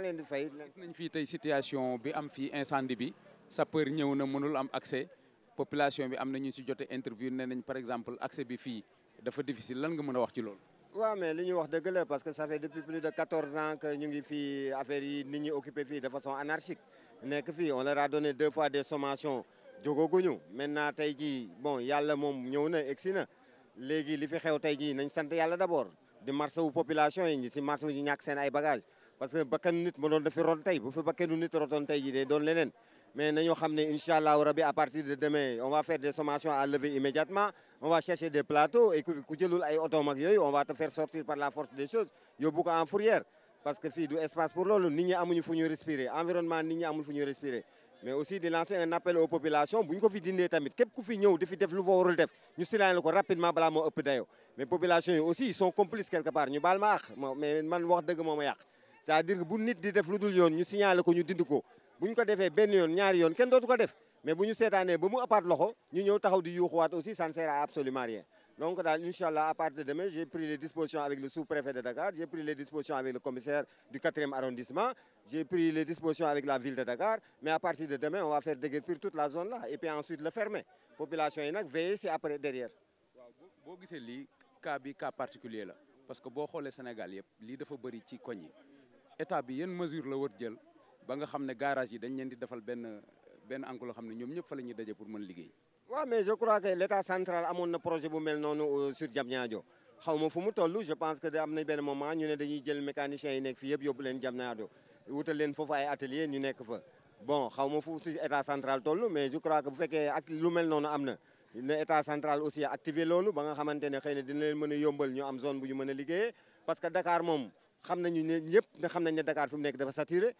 ngi leen di fay. gis nañ fii tey situation bi am fii incendie bi sapeur ñëw na mënul am accès population bi am na ñu si jote interview ne nañ par exemple accès bi fii dafa difficile lan nga mën a wax ci loolu. waaw mais li ñu wax dëgg la parce que ça fait depuis plus de 14 ans que ñu ngi fii affaire yi nit ñi occupé fii de façon anarchique nekk fii on leur a donné deux fois des sommations jógoguñu maintenant tey jii bon yàlla moom ñëw na egsi léegi li fi xew tey jii nañ sant yàlla d di marché wu population yi ñi si marché parce que bakkan nit mu doon dafi ron tey bu fi bakkanu nit rotoon tey ji dee doon leneen mais nañoo xam ne incha allahu rabi à partir de demain on va faire des sommations à lever immédiatement on va chercher des plateaux et ku ay oto mag yooyu on va te faire sortir par la force des choses yóbbu ko en fourrière parce que fii du espace pour loolu nit amuñu fu ñu respirer environnement nit ñi fu ñu respirer mais aussi di lancer un appel aux populations bu ñu ko fi dindee tamit képp ku fi ñëw di fi def lu fa warul def ñu silaane ko rapidement balaa moo ëpp moo ma c'est-à-dire que bu nit di def lu dul yoon ñu signalé ko ñu dindi ko bu ñu ko defee benn yoon ñaari yoon kenn dootu ko def mais bu ñu seetaanee ba mu appaat loxo ñu ñëw taxaw di yuuxuwaat aussi ça absolument rien donc daal incha allah partir de demain j'ai pris les dispositions avec le sous-préfet de Dakar j'ai pris les dispositions avec le commissaire du 4 arrondissement j'ai pris les dispositions avec la ville de Dakar mais à partir de demain on va faire déguerpir toute la zone là et puis ensuite le fermer population yi nag veiller si après parce que boo xoolee Sénégal yëpp lii dafa bëri ci koñ yi état bi yenn mesure la war jël ba nga xam ne garage yi dañ leen di defal benn benn angle loo xam ne ñoom ñëpp fa la daje pour mën liggéey. waaw mais je crois que l' central amoon na projet bu mel noonu euh, sur Diamniadio xaw ma fu mu toll je pense que da am na benn moment ñu ne dañuy jël mécaniciens yi nekk fii yëpp yóbbu leen Diamniadio wutal leen foofu ay atelier ñu nekk fa. bon xaw ma fu si état central toll mais je crois que bu fekkee lu mel noonu am na ne xëy na dina leen mën a a liggéeyee xam nañu ne ñëpp ne xam nañ ne Dakar fi mu nekk dafa saturé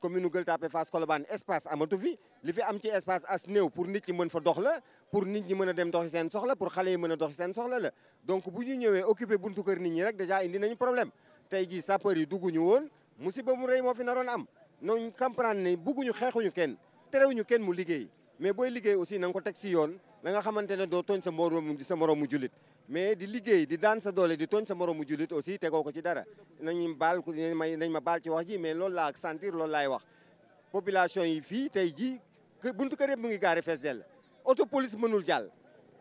commune nu Gueule Tapée Fass Colobane espace amatu fi li fi am ci espace as néew pour nit ñi mën fa dox la pour nit ñi mën a dem doxi seen soxla pour xale yi mën a doxi seen soxla la donc bu ñu ñëwee occupé buntu kër nit ñi rek déjà indi nañu problème tey jii sapeur yi dugguñu woon musiba mu rëy moo fi naroon am noonu comprendre ne bugguñu xeexuñu kenn terewuñu kenn mu liggéey mais booy liggéey aussi na ko teg si yoon la nga xamante ne doo tooñ sa moroom sa moroomu jullit mais di liggéey di daan sa doole di tooñ sa moromu jullit aussi tegoo ko ci dara nañu baal nañ ma baal ci wax ji mais loolu laa sentir loolu laay wax population yi fii tey ji buntu kër yëpp mu ngi gaari fees dell oto police mënul jàll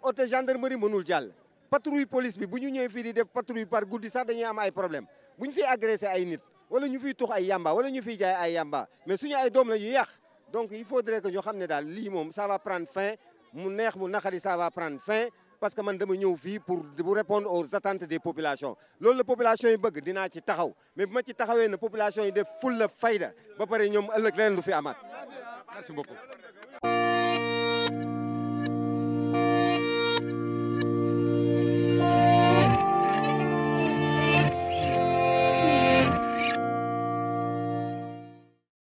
auto gendarmerie mënul jàll patrouille police bi bu ñu ñëwee fii di def patrouille par guddi sax dañuy am ay problème bu ñu fi agressé ay nit wala ñu fi tux ay yamba wala ñu fiy jaay ay yamba mais suñu ay doom la ñuy yàq donc il faudrait que ñu xam ne daal lii moom ça va prendre fin mu neex mu naqari ça va prendre fin parce que man dama ñëw fii pour bu répondre aux attentes des populations loolu la population yi bëgg dinaa ci taxaw mais bu ma ci taxawee ne population yi def ful la fayda ba pare ñoom ëllëg leneen du fi amaat merci beaucoup